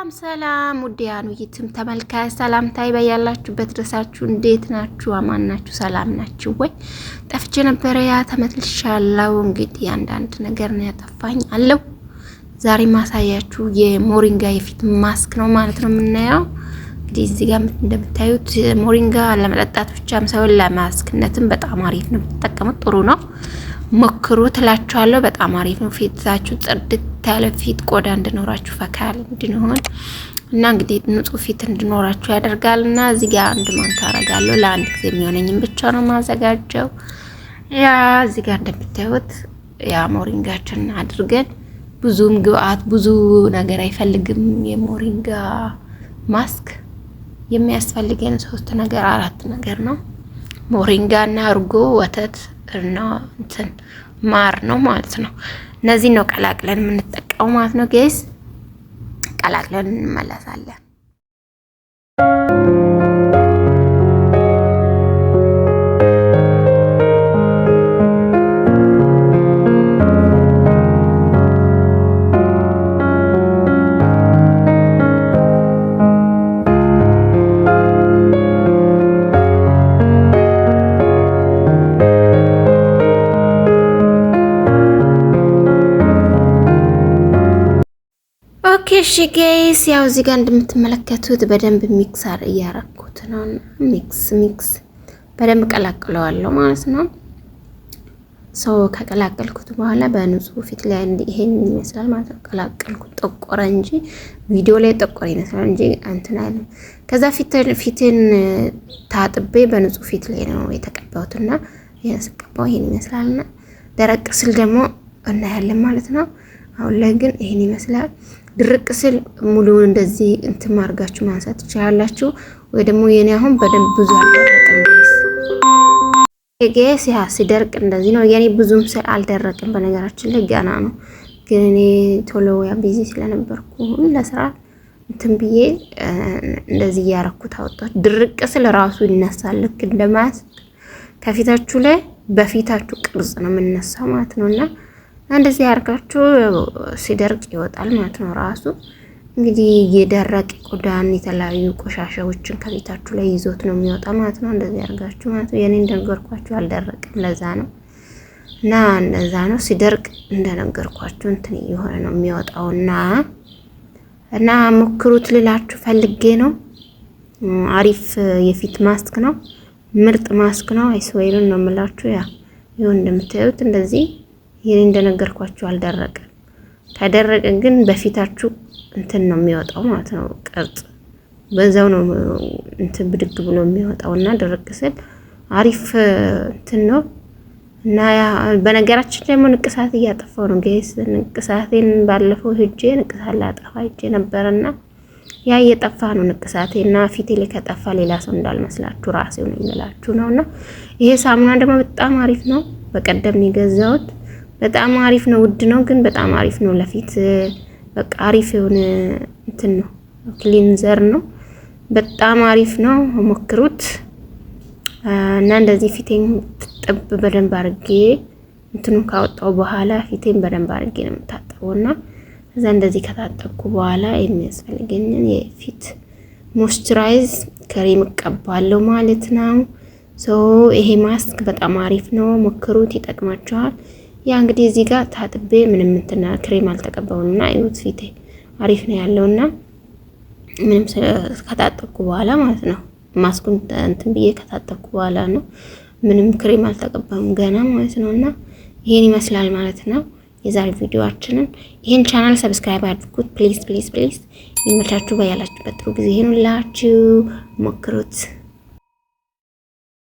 ሰላም ሰላም ውድ ያኑይትም ተመልካ ሰላምታይ ይበያላችሁበት ድረሳችሁ። እንዴት ናችሁ? አማን ናችሁ? ሰላም ናችሁ ወይ? ጠፍቼ ነበረ፣ ያ ተመልሻለሁ። እንግዲህ አንዳንድ ነገር ነው ያጠፋኝ አለው። ዛሬ ማሳያችሁ የሞሪንጋ የፊት ማስክ ነው ማለት ነው የምናየው። እንግዲህ እዚህ ጋር እንደምታዩት ሞሪንጋ ለመጠጣት ብቻም ሳይሆን ለማስክነትም በጣም አሪፍ ነው፣ የምትጠቀሙት ጥሩ ነው። ሞክሩ ትላችኋለሁ። በጣም አሪፍ ነው። ፊታችሁ ጽድት ያለ ፊት ቆዳ እንዲኖራችሁ ፈካ ያለ እንዲሆን እና እንግዲህ ንጹህ ፊት እንዲኖራችሁ ያደርጋል። እና እዚህ ጋር አንድ ማንካ አረጋለሁ። ለአንድ ጊዜ የሚሆነኝም ብቻ ነው ማዘጋጀው። ያ እዚህ ጋር እንደምታዩት ያ ሞሪንጋችን አድርገን ብዙም ግብአት ብዙ ነገር አይፈልግም። የሞሪንጋ ማስክ የሚያስፈልገን ሶስት ነገር አራት ነገር ነው። ሞሪንጋ እና እርጎ ወተት እና እንትን ማር ነው ማለት ነው። እነዚህ ነው ቀላቅለን የምንጠቀሙ ማለት ነው ጌስ። ቀላቅለን እንመለሳለን። እሺ ጌይስ ያው እዚህ ጋር እንደምትመለከቱት በደንብ ሚክሰር እያረኩት ነው። ሚክስ ሚክስ በደንብ ቀላቅለዋለሁ ማለት ነው። ሰው ከቀላቀልኩት በኋላ በንጹህ ፊት ላይ ይሄን ይመስላል ማለት ነው። ቀላቀልኩት ጠቆረ እንጂ ቪዲዮ ላይ ጠቆረ ይመስላል እንጂ እንትን አይልም። ከዛ ፊትን ታጥቤ በንጹህ ፊት ላይ ነው የተቀባሁትና ስቀባው ይሄን ይመስላልና ደረቅ ስል ደግሞ እናያለን ማለት ነው። አሁን ላይ ግን ይሄን ይመስላል። ድርቅ ስል ሙሉውን እንደዚህ እንትን ማድረጋችሁ ማንሳት ትችላላችሁ፣ ወይ ደግሞ የኔ አሁን በደንብ ብዙ አልደረቅም፣ ጌስ ያ ሲደርቅ እንደዚህ ነው። የኔ ብዙም ስል አልደረቅም። በነገራችን ላይ ገና ነው፣ ግን እኔ ቶሎ ያ ቢዚ ስለነበርኩ ለስራ እንትን ብዬ እንደዚህ እያረኩት አወጣት። ድርቅ ስል ራሱ ይነሳል። ልክ እንደማያስ ከፊታችሁ ላይ በፊታችሁ ቅርጽ ነው የምነሳው ማለት ነው እና እንደዚህ አድርጋችሁ ሲደርቅ ይወጣል ማለት ነው። ራሱ እንግዲህ የደረቀ ቆዳን የተለያዩ ቆሻሻዎችን ከቤታችሁ ላይ ይዞት ነው የሚወጣ ማለት ነው። እንደዚህ አድርጋችሁ ማለት ነው። የኔ እንደነገርኳችሁ አልደረቅም፣ ለዛ ነው እና እንደዛ ነው። ሲደርቅ እንደነገርኳችሁ እንትን እየሆነ ነው የሚወጣውና እና ሞክሩት ልላችሁ ፈልጌ ነው። አሪፍ የፊት ማስክ ነው። ምርጥ ማስክ ነው። አይስወይሉን ነው የምላችሁ። ያ ይሁን እንደምታዩት እንደዚህ ይህን እንደነገርኳችሁ አልደረቀም። ከደረቀ ግን በፊታችሁ እንትን ነው የሚወጣው ማለት ነው ቅርጽ በዛው ነው እንትን ብድግ ብሎ የሚወጣው እና ስል አሪፍ እንትን ነው እና በነገራችን ደግሞ ንቅሳት እያጠፋው ነው ጌስ ንቅሳቴን ባለፈው ህጄ ንቅሳት ላጠፋ ህጄ ነበረና ያ እየጠፋ ነው ንቅሳቴ እና ፊቴ ላይ ከጠፋ ሌላ ሰው እንዳልመስላችሁ ራሴው ነው የምላችሁ ነው እና ይሄ ሳሙና ደግሞ በጣም አሪፍ ነው። በቀደም የገዛሁት በጣም አሪፍ ነው። ውድ ነው ግን በጣም አሪፍ ነው። ለፊት በቃ አሪፍ የሆነ እንትን ነው፣ ክሊንዘር ነው። በጣም አሪፍ ነው፣ ሞክሩት እና እንደዚህ ፊቴን ጥብ በደንብ አድርጌ እንትኑን ካወጣው በኋላ ፊቴን በደንብ አርጌ ነው የምታጠበው እና እዛ እንደዚህ ከታጠብኩ በኋላ የሚያስፈልገኝን የፊት ሞይስቸራይዝ ክሬም እቀባለሁ ማለት ነው። ሶ ይሄ ማስክ በጣም አሪፍ ነው፣ ሞክሩት፣ ይጠቅማቸዋል። ያ እንግዲህ እዚህ ጋር ታጥቤ ምንም እንትና ክሬም አልተቀባውና ይሁት ፊቴ አሪፍ ነው ያለውና ምንም ከታጠብኩ በኋላ ማለት ነው። ማስኩን እንትን ብዬ ከታጠብኩ በኋላ ነው። ምንም ክሬም አልተቀባውም ገና ማለት ነውና ይሄን ይመስላል ማለት ነው የዛሬ ቪዲዮአችንን። ይሄን ቻናል ሰብስክራይብ አድርጉት ፕሊዝ ፕሊዝ ፕሊዝ። ይመቻችሁ። በያላችሁበት ጥሩ ጊዜ ይሁንላችሁ። ሞክሩት።